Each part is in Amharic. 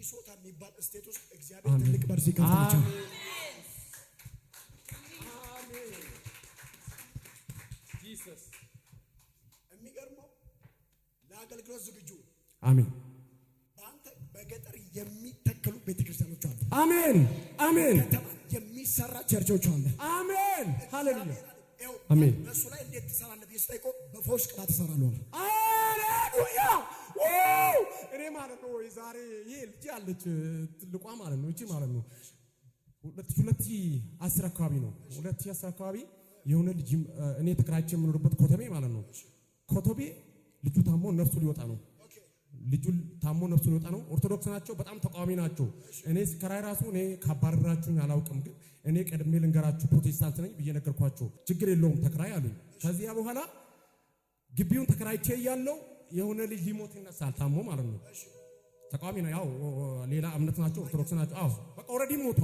ሚኒሶታ የሚባል ስቴት ውስጥ እግዚአብሔር ትልቅ በር ሲከፍታቸው የሚገርመው ለአገልግሎት ዝግጁ አሜን። በአንተ በገጠር የሚተከሉ ቤተክርስቲያኖች አሉ። አሜን አሜን። ከተማ የሚሰራ ቸርቾች አሉ። አሜን ሃሌሉያ። አሜን። በእሱ ላይ እንዴት ትሰራለህ? ስጠይቆ በፈውስ ቅባት ትሰራለህ። ሃሌሉያ እኔ ማለት ነው ወይ ዛሬ ይሄ ልጅ አለች ትልቋ ማለት ነው እቺ ማለት ነው ሁለት ሺህ አስር አካባቢ ነው ሁለት አስር አካባቢ የሆነ ልጅ እኔ ተከራይቼ የምኖርበት ኮተቤ ማለት ነው ኮተቤ ልጁ ታሞ ነፍሱ ሊወጣ ነው ልጁ ታሞ ነፍሱ ሊወጣ ነው። ኦርቶዶክስ ናቸው፣ በጣም ተቃዋሚ ናቸው። እኔ ሲከራይ ራሱ እኔ ካባረራችሁኝ አላውቅም፣ ግን እኔ ቀድሜ ልንገራችሁ ፕሮቴስታንት ነኝ ብዬ ነገርኳቸው። ችግር የለውም ተከራይ አሉኝ። ከዚያ በኋላ ግቢውን ተከራይቼ እያለው የሆነ ልጅ ሊሞት ይነሳል፣ ታሞ ማለት ነው። ተቃዋሚ ነው፣ ያው ሌላ እምነት ናቸው፣ ኦርቶዶክስ ናቸው። አዎ በቃ ኦልሬዲ ሞቷ።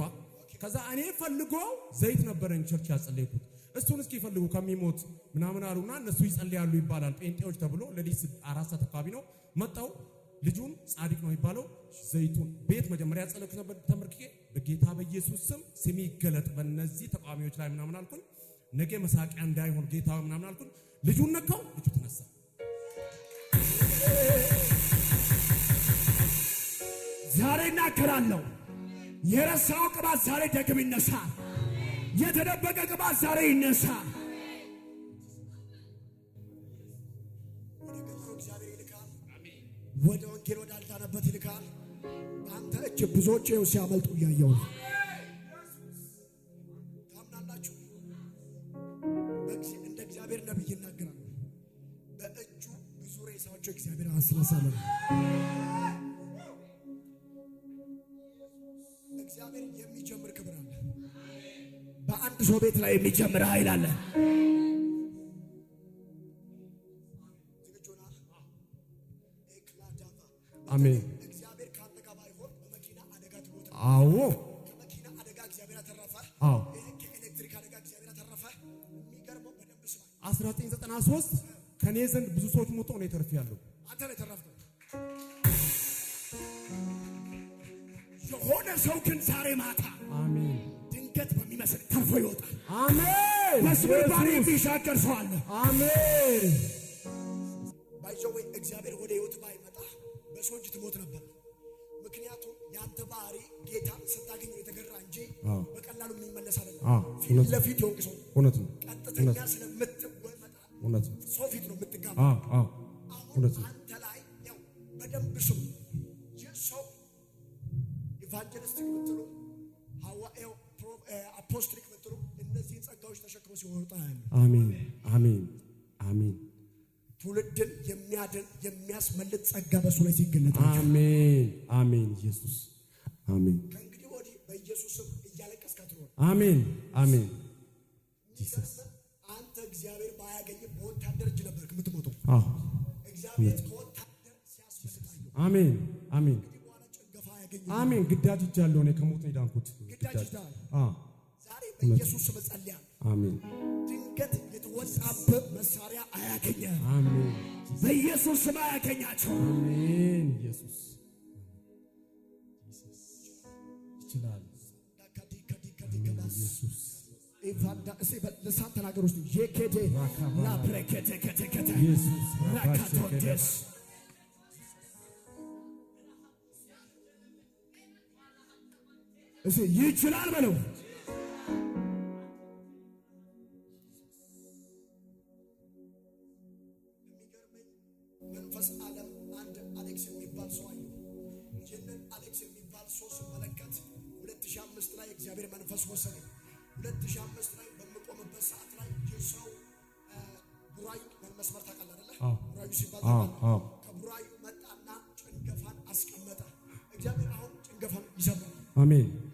ከዛ እኔ ፈልጎ ዘይት ነበረን ቸርች ያጸለይኩት እሱን እስኪ ፈልጉ ከሚሞት ምናምን አሉና እነሱ ይጸልያሉ ይባላል። ጴንጤዎች ተብሎ ለሊት አራት ሰዓት አካባቢ ነው መጣው። ልጁን ጻድቅ ነው የሚባለው ዘይቱን ቤት መጀመሪያ ያጸለኩት ነበር። ተመርክኬ በጌታ በኢየሱስ ስም ስም ይገለጥ በእነዚህ ተቃዋሚዎች ላይ ምናምን አልኩኝ። ነገ መሳቂያ እንዳይሆን ጌታ ምናምን አልኩኝ። ልጁን ነካው፣ ልጁ ተነሳ። ዛሬ እናገራለሁ። የረሳው ቅባት ዛሬ ደግም ይነሳል። የተደበቀ ቅባት ዛሬ ይነሳል። ወደ ወንጌል ወዳልዳነበት ይልካል። አንተ እጅ ብዙዎች ሲያመልጡ እያየው በእግዚአብሔር የሚጀምር ክብር አለ። በአንድ ሰው ቤት ላይ የሚጀምር ኃይል አለ። አሜን። እግዚአብሔር ካንተ ጋር ባይሆን በመኪና አደጋ ትሞታል። አዎ፣ ከመኪና አደጋ እግዚአብሔር አተረፈ። አዎ፣ ከኤሌክትሪክ አደጋ እግዚአብሔር አተረፈ። የሚገርመው በደንብ ስማ፣ 1993 ከኔ ዘንድ ብዙ ሰዎች ሞተው ነው የተርፍ ያለው የሆነ ሰው ግን ዛሬ ማታ ድንገት በሚመስል ተርፎ ይወጣል። መስመር ባሪ የሚሻገር ሰው አለ። አሜን። ባይዘወይ እግዚአብሔር ወደ ህይወት ባይመጣ በሰው እጅ ትሞት ነበር። ምክንያቱም የአንተ ባህሪ ጌታ ስታገኝ የተገራ እንጂ በቀላሉ የሚመለስ አለ። ፊት ለፊት የወንቅ ሰው እውነት ነው። ቀጥተኛ ስለምትወጣ እውነት ነው። ሰው ፊት ነው የምትጋባ። አሁን አንተ ላይ ያው በደንብ ስሙ ኢቫንጀሊስቲክ ምትሉ ሐዋኤው አፖስትሪክ ምትሉ እነዚህ ጸጋዎች ተሸክሞ ሲወጣ አሜን፣ አሜን፣ አሜን። ትውልድን የሚያድን የሚያስመልጥ ጸጋ በሱ ላይ ሲገለጥ አሜን፣ አሜን። ኢየሱስ አሜን። ከእንግዲህ ወዲህ በኢየሱስም እያለቀስክ አትኖር። አሜን፣ አሜን። ጂሰስ አንተ እግዚአብሔር ባያገኝም በወታደር እጅ ነበር የምትሞተው። እግዚአብሔር ከወታደር ሲያስፈልጣ አሜን፣ አሜን አሜን። ግዳጅ እጃለሁ እኔ ከሞት ነው የዳንኩት። ግዳጅ ዛሬ በኢየሱስ መጸለያ አሜን። ድንገት የተወጣብህ መሳሪያ አያገኘህ። አሜን። በኢየሱስ ስም አያገኛቸው። አሜን። ኢየሱስ ይችላል። ኢየሱስ ኢቫንዳ እሴ በልሳን ተናገር ውስጥ የኬቴ ላፕሬኬቴ ኬቴ ኬቴ ራካቶንዴስ ይችላል በለው። መንፈስ ዓለም አንድ አሌክስ የሚባል ሰው አየሁ። ይህንን አሌክስ የሚባል ሰው ስመለከት ሁለት ሺህ አምስት ላይ እግዚአብሔር መንፈስ ወሰደ። ሁለት ሺህ አምስት ላይ በምቆምበት ሰዓት ላይ ይህ ሰው ቡራዩ መስመር ታውቃለህ አይደለ? ቡራዩ ሲባል ከቡራዩ መጣና ጭንገፋን አስቀመጠ። እግዚአብሔር አሁን ጭንገፋን ይሰብራል። አሜን።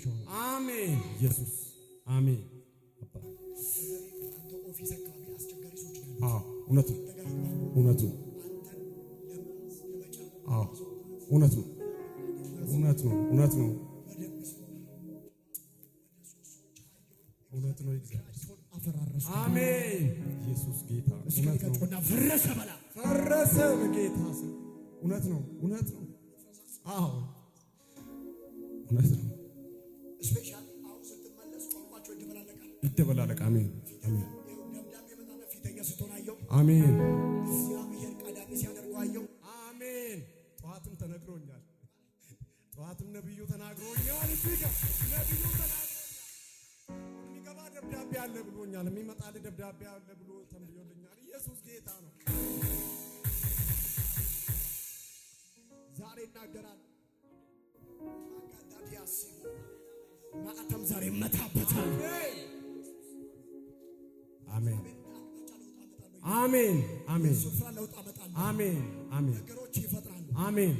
አደርግሻለሁ። አሜን። ኢየሱስ አሜን። እውነቱ እውነቱ እውነቱ እውነት ነው። ነው። እውነት ነው። አሜን። ኢየሱስ ጌታ እውነት ነው። ፈረሰ በላ ፈረሰ እውነት ነው። እውነት ነው። አዎ እውነት ነው። ስፔሻሊ አሁን ስትመለስ ቋንቋቸው ይደበላለቃል ይደበላለቃል። አሜን አሜን። ደብዳቤ በጣም ፊተኛ ስትሆን አየሁ። አሜን። እግዚአብሔር ቀዳሚ ሲያደርገው አየሁ። አሜን። ጠዋትም ተነግሮኛል። ጠዋትም ነብዩ ተናግሮኛል። እዚህ ጋር ነብዩ ተናግሮኛል። የሚገባ ደብዳቤ አለ ብሎኛል። የሚመጣልህ ደብዳቤ አለ ብሎ ተንብዮልኛል። ኢየሱስ ጌታ ነው። ዛሬ መታበታል። አሜን አሜን አሜን አሜን አሜን። ነገሮች ይፈጥራሉ። አሜን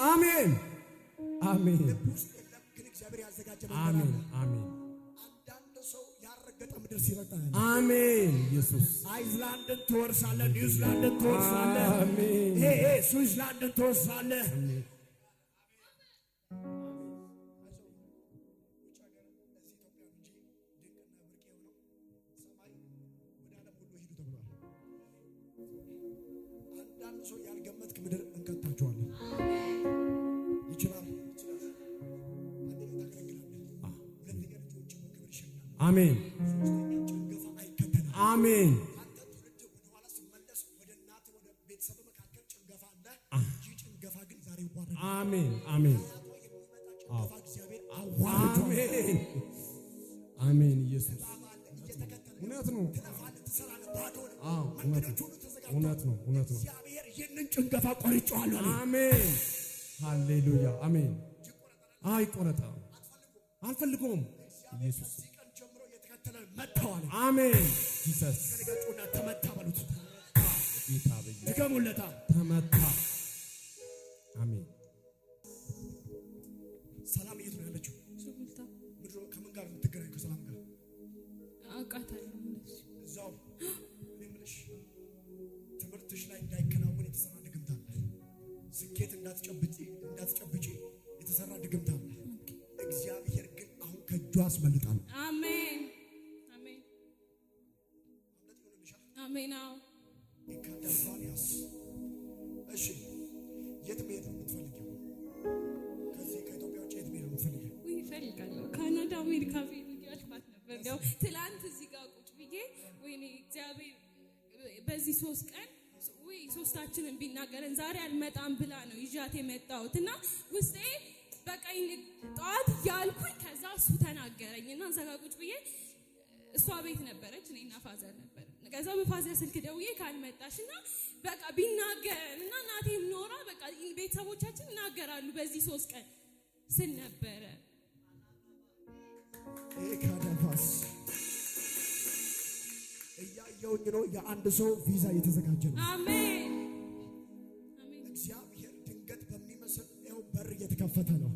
አሜን። አሜን አሜን። እግዚአብሔር ያዘጋጀ አሜን አሜን። አንዳንድ ሰው ያረገጠ ምድር ሲረጣ አሜን። ኢየሱስ አይዝላንድን ትወርሳለህ፣ ኒውዚላንድን ትወርሳለህ፣ ይሄ ስዊዝላንድን ትወርሳለህ። አንዳንድ ሰው ያልገመትክ ምድር እንከታ አሜን፣ አሜን። አሜን አሜን አሜን። ኢየሱስ እውነት ነው፣ እውነት ነው፣ እውነት ነው። ይህንን ጭንገፋ ቆርጬዋለሁ። አሜን ሃሌሉያ አሜን። አይቆረጣ አልፈልገውም ኢየሱስ መጥተዋል። አሜን። ገጩና ተመታ በሉት። ድገሙለታ ተመታ። አሜን። ሰላም የት ነው ያለችው? ሱሉልታ ምድሮ ከምን ጋር የምትገናኝ ከሰላም ጋር እዛው እኔ ትምህርትሽ ላይ እንዳይከናወን የተሰራ ድግምት ስኬት እንዳትጨብጪ የተሰራ ድግምታ አለ። እግዚአብሔር ግን አሁን ከእጇ አስመልጣለሁ ሶስት ቀን ወይ ሶስታችንን ቢናገረን ዛሬ አልመጣም ብላ ነው ይዣት የመጣሁት እና ውስጤ በቀኝ ጠዋት ያልኩኝ ከዛ እሱ ተናገረኝ እና እዛ ጋር ቁጭ ብዬ እሷ ቤት ነበረች እኔና ፋዘር ነበር። ከዛ በፋዘር ስልክ ደውዬ ካልመጣሽ እና በቃ ቢናገረን እና እናቴም ኖራ በቃ ቤተሰቦቻችን ይናገራሉ በዚህ ሶስት ቀን ስል ነበረ ካደፋስ እያየሁኝ ነው። የአንድ ሰው ቪዛ እየተዘጋጀ ነው። አሜን። እግዚአብሔር ድንገት በሚመስል ው በር እየተከፈተ ነው።